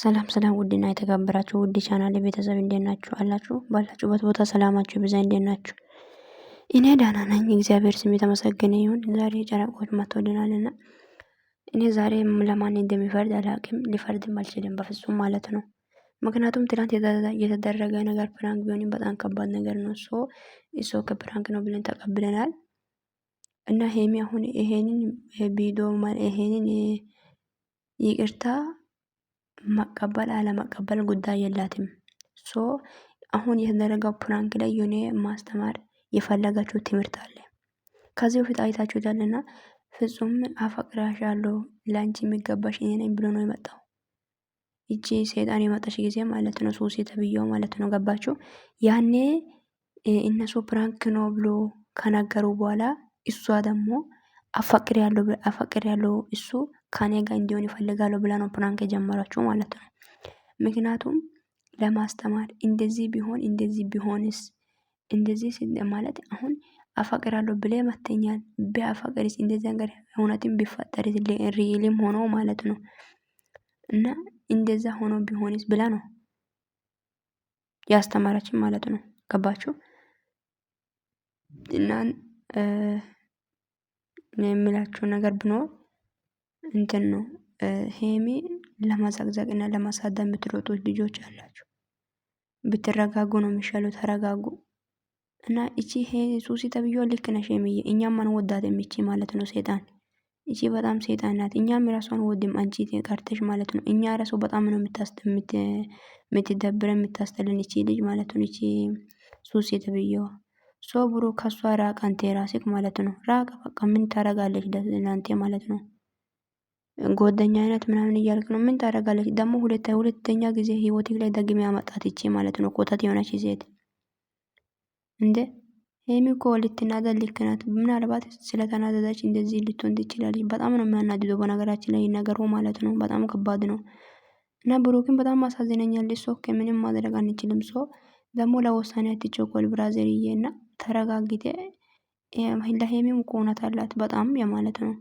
ሰላም ሰላም ውድና የተከበራችሁ ውድ ቻናል ቤተሰብ እንዴት ናችሁ? አላችሁ ባላችሁበት ቦታ ሰላማችሁ ብዛ። እንዴት ናችሁ? እኔ ደህና ነኝ፣ እግዚአብሔር ስም የተመሰገነ ይሁን። ዛሬ ጨረቃዎች ማትወድናልና እኔ ዛሬ ለማን እንደሚፈርድ አላቅም፣ ሊፈርድም አልችልም በፍጹም ማለት ነው። ምክንያቱም ትናንት የተደረገ ነገር ፕራንክ ቢሆንም በጣም ከባድ ነገር ነው። ሶ እሶ ከፕራንክ ነው ብለን ተቀብለናል። እና ሄሚ አሁን ይሄንን ቪዲዮ ይሄንን ይቅርታ መቀበል አለመቀበል ጉዳይ የላትም። ሶ አሁን የተደረገው ፕራንክ ላይ የሆነ ማስተማር የፈለጋችሁ ትምህርት አለ። ከዚህ በፊት አይታችሁታልና ፍጹም አፈቅርሻለሁ ለአንቺ የሚገባሽ እኔ ነኝ ብሎ ነው የመጣው። እቺ ሰይጣን የመጣሽ ጊዜ ማለት ነው ሶስ የተብየው ማለት ነው። ገባችሁ? ያኔ እነሱ ፕራንክ ነው ብሎ ከነገሩ በኋላ እሷ ደግሞ አፈቅር ያለው አፈቅር ያለው እሱ ከኔ ጋር እንዲሆን ይፈልጋለሁ ብላ ነው ፕራንክ የጀመረችው ማለት ነው። ምክንያቱም ለማስተማር እንደዚህ ቢሆን እንደዚህ ቢሆንስ እንደዚህ ማለት አሁን አፈቅራለሁ ብለ መተኛል ቢያፈቅርስ እንደዚህ ነገር እውነትም ቢፈጠር ሪልም ሆኖ ማለት ነው እና እንደዛ ሆኖ ቢሆንስ ብላ ነው ያስተማራችን ማለት ነው። ገባችሁ? እና የሚላችሁ ነገር ብኖር እንትን ነው ሄሜ ለማዘግዘግ እና ለማሳደን የምትሮጡት ልጆች አላችሁ፣ ብትረጋጉ ነው የሚሻለው። ተረጋጉ እና እቺ ሱሲ ተብዮ ልክ ነሽ ሄሜዬ። እኛም አንወዳትም እቺ ማለት ነው ሴጣን እቺ በጣም ሴጣን ናት። እኛም የራሷን ወድም አንቺ ቀርተሽ ማለት ነው። እኛ ራሱ በጣም ነው የምትደብረ የምታስተልን እቺ ልጅ ማለት ነው። እቺ ሱሲ የተብየዋ ሶ ብሮ ከሷ ራቅ፣ አንቴ ራስክ ማለት ነው። ራቅ በቃ ምን ታረጋለች ለአንቴ ማለት ነው። ጓደኛ አይነት ምናምን እያልክ ነው። ምን ታደርጋለች ደግሞ ሁለተኛ ጊዜ ህይወትህ ላይ ደግሜ ያመጣት እቺ ማለት ነው። ኮተት የሆነች ሴት እንዴ! ሄሚ እኮ ልትናደድ ልክ ናት። ምናልባት ስለተናደደች እንደዚህ ልትሆን ትችላለች። በጣም ነው የሚያናድደው በነገራችን ላይ ነገሩ ማለት ነው። በጣም ከባድ ነው እና ብሩክን በጣም አሳዝነኛል። ሶ ምንም ማድረግ አንችልም። ሶ ደግሞ ለውሳኔ አትቸኮል ብራዘርዬ እና ተረጋግቴ ለሄሚም እኮ እውነት አላት በጣም የማለት ነው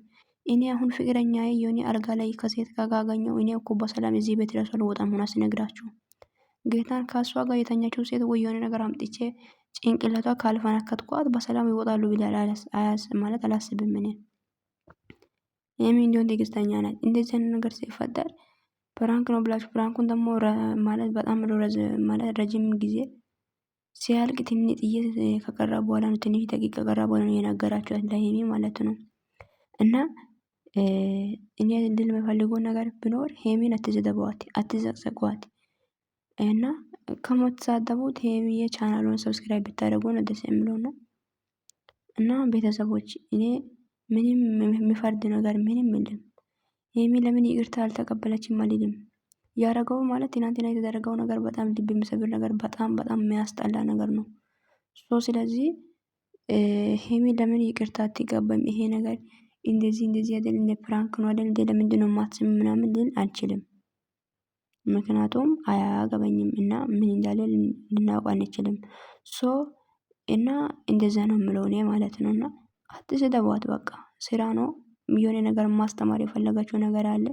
እኔ አሁን ፍቅረኛ የሆነ አልጋ ላይ ከሴት ጋር ጋገኘው እኔ እኮ በሰላም እዚህ ቤት ደርሶ ልወጣም ሆና ሲነግራችሁ ጌታን ከእሷ ጋር የተኛችው ሴት ወይ የሆነ ነገር አምጥቼ ጭንቅላቷ ካልፈነከትኳት በሰላም ይወጣሉ ብላል ማለት አላስብም። እኔ ይህም እንዲሆን ትግስተኛ ናት። እንደዚህ ነገር ሲፈጠር ፕራንክ ነው ብላችሁ ፕራንኩን ደግሞ ማለት በጣም ማለት ረጅም ጊዜ ሲያልቅ ትንሽ ጥይት ከቀረ በኋላ ነው ትንሽ ደቂቃ ከቀረ በኋላ ነው የነገራችኋት ለሄሚ ማለት ነው እና እኔ ልል የምፈልገው ነገር ቢኖር ሄሚን አትስደቧት፣ አትዘቅዘቋት እና ከምትሳደቡት ሄሚ የቻናሉን ሰብስክራይብ ብታደርጉ ነው ደስ የሚለው ነው። እና ቤተሰቦች እኔ ምንም የሚፈርድ ነገር ምንም የለም። ሄሚ ለምን ይቅርታ አልተቀበለችም አልልም። ያደረገው ማለት ትናንትና የተደረገው ነገር በጣም ልብ የሚሰብር ነገር፣ በጣም በጣም የሚያስጠላ ነገር ነው። ሶ ስለዚህ ሄሚ ለምን ይቅርታ አትቀበም ይሄ ነገር እንደዚህ እንደዚህ አይደል እንደ ፕራንክ ነው አይደል እንደ ለምንድን ነው ማትስም ምናምን ልል አልችልም። ምክንያቱም አያገበኝም እና ምን እንዳለ ልናውቅ አንችልም። ሶ እና እንደዛ ነው የምለው እኔ ማለት ነው። እና አትስደቧት በቃ ስራ ነው የሆነ ነገር ማስተማር የፈለጋቸው ነገር አለ።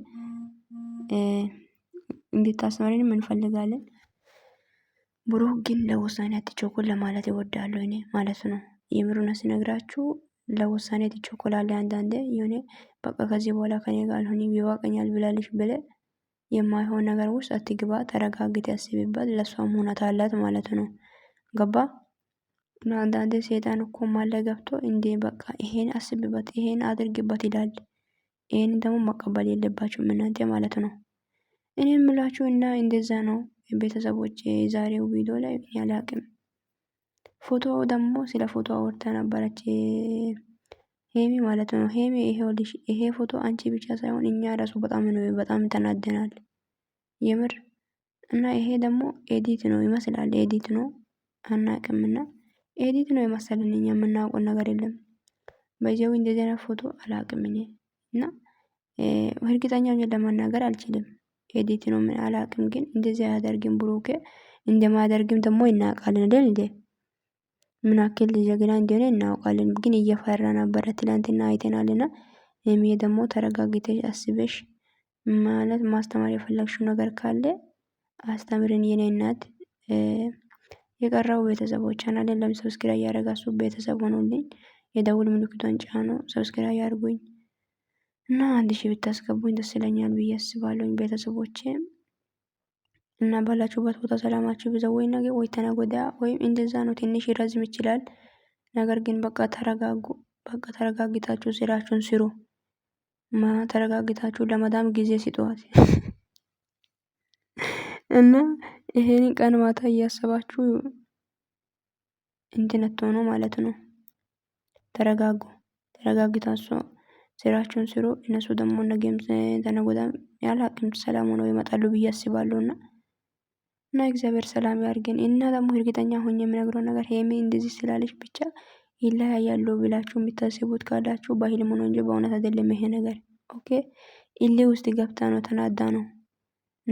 እንድታስተምረንም እንፈልጋለን። ብሩህ ግን ለውሳኔ አትቸኩል ለማለት ይወዳሉ እኔ ማለት ነው። የምሩነ ስነግራችሁ ለውሳኔ ትቸኮላለህ። አንዳንዴ የሆነ በቃ ከዚህ በኋላ ከኔ ጋር አልሆንም ይዋቀኛል ብላለች ብለ የማይሆን ነገር ውስጥ አትግባ። ተረጋግተህ አስቢበት ለሷም እውነት አላት ማለት ነው። ገባ እና አንዳንዴ እኮ ማለ ገብቶ እንዴ በቃ ይሄን አስብበት ይሄን አድርግበት ይላል። ይሄንን ደግሞ መቀበል የለባችሁም እናንተ ማለት ነው። እኔ የምላችሁ እና እንደዛ ነው ቤተሰቦች የዛሬው ቪዲዮ ላይ ያላቅም ፎቶ ደግሞ ስለ ፎቶ አውርታ ነበረች ሄሚ ማለት ነው። ሄሚ ይሄ ፎቶ አንቺ ብቻ ሳይሆን እኛ ራሱ በጣም ነው በጣም ተናደናል የምር እና ይሄ ደግሞ ኤዲት ነው ይመስላል። ኤዲት ነው አናቅምና ኤዲት ነው የመሰለን እኛ የምናውቀው ነገር የለም። በዚያው እንደዚህ አይነት ፎቶ አላቅም እኔ እና እርግጠኛ ሆኜ ለመናገር አልችልም። ኤዲት ነው ምን አላቅም፣ ግን እንደዚህ አያደርግም ብሎ እንደማያደርግም ደግሞ ይናቃል አይደል እንዴ ምን አክል ጀግና እንደሆነ እናውቃለን። ግን እየፈራ ነበረ። ትላንትና አይተናልና ይሄ ደግሞ ተረጋግተሽ አስበሽ ማለት ማስተማር የፈለግሽው ነገር ካለ አስተምርን። የኔ እናት የቀረቡ ቤተሰቦች አናለን ለም ሰብስክራይብ ያደረጋችሁ ቤተሰብ ሆኖልኝ የደውል ምልክቷን ጫኑ፣ ሰብስክራ ያድርጉኝ እና አንድ ሺ ብታስገቡኝ ደስ ይለኛል ብዬ አስባለሁኝ ቤተሰቦቼ እና ባላችሁበት ቦታ ሰላማችሁ ይብዛ። ወይ ነገ ወይ ተነጎዳ ወይም እንደዛ ነው። ትንሽ ይረዝም ይችላል። ነገር ግን በቃ ተረጋጉ። በቃ ተረጋግታችሁ ስራችሁን ስሩ። ተረጋግታችሁ ለመዳም ጊዜ ስጧት እና ይሄን ቀን ማታ እያሰባችሁ እንትነት ሆኖ ማለት ነው። ተረጋጉ። ተረጋግታችሁ ስራችሁን ስሩ። እነሱ ደግሞ ነገም ተነገ ወዲያም ያለ አቅም ሰላም ሆነው ይመጣሉ ብዬ አስባለሁና እና እግዚአብሔር ሰላም ያርገን። እና ደግሞ እርግጠኛ ሆኜ የምነግረው ነገር ሄሜ እንደዚህ ስላለች ብቻ ይለያያሉ ብላችሁ የምታስቡት ካላችሁ በህልም ነው እንጂ በእውነት አይደለም። ይሄ ነገር ኦኬ ኢሌ ውስጥ ገብታ ነው ተናዳ ነው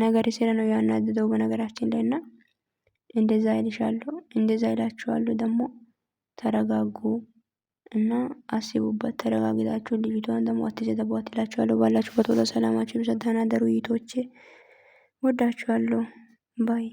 ነገር ስለ ነው ያናደደው በነገራችን ላይ እና እንደዛ ይልሻለሁ፣ እንደዛ ይላችኋለሁ። ደግሞ ተረጋጉ እና አስቡበት። ተረጋግታችሁ ልጅቷን ደግሞ አትዘተቧት ይላችኋለሁ። ባላችሁበት ቦታ ሰላማችሁ ብሰዳና ደሩ ይቶቼ ወዳችኋለሁ። ಬಾಯ್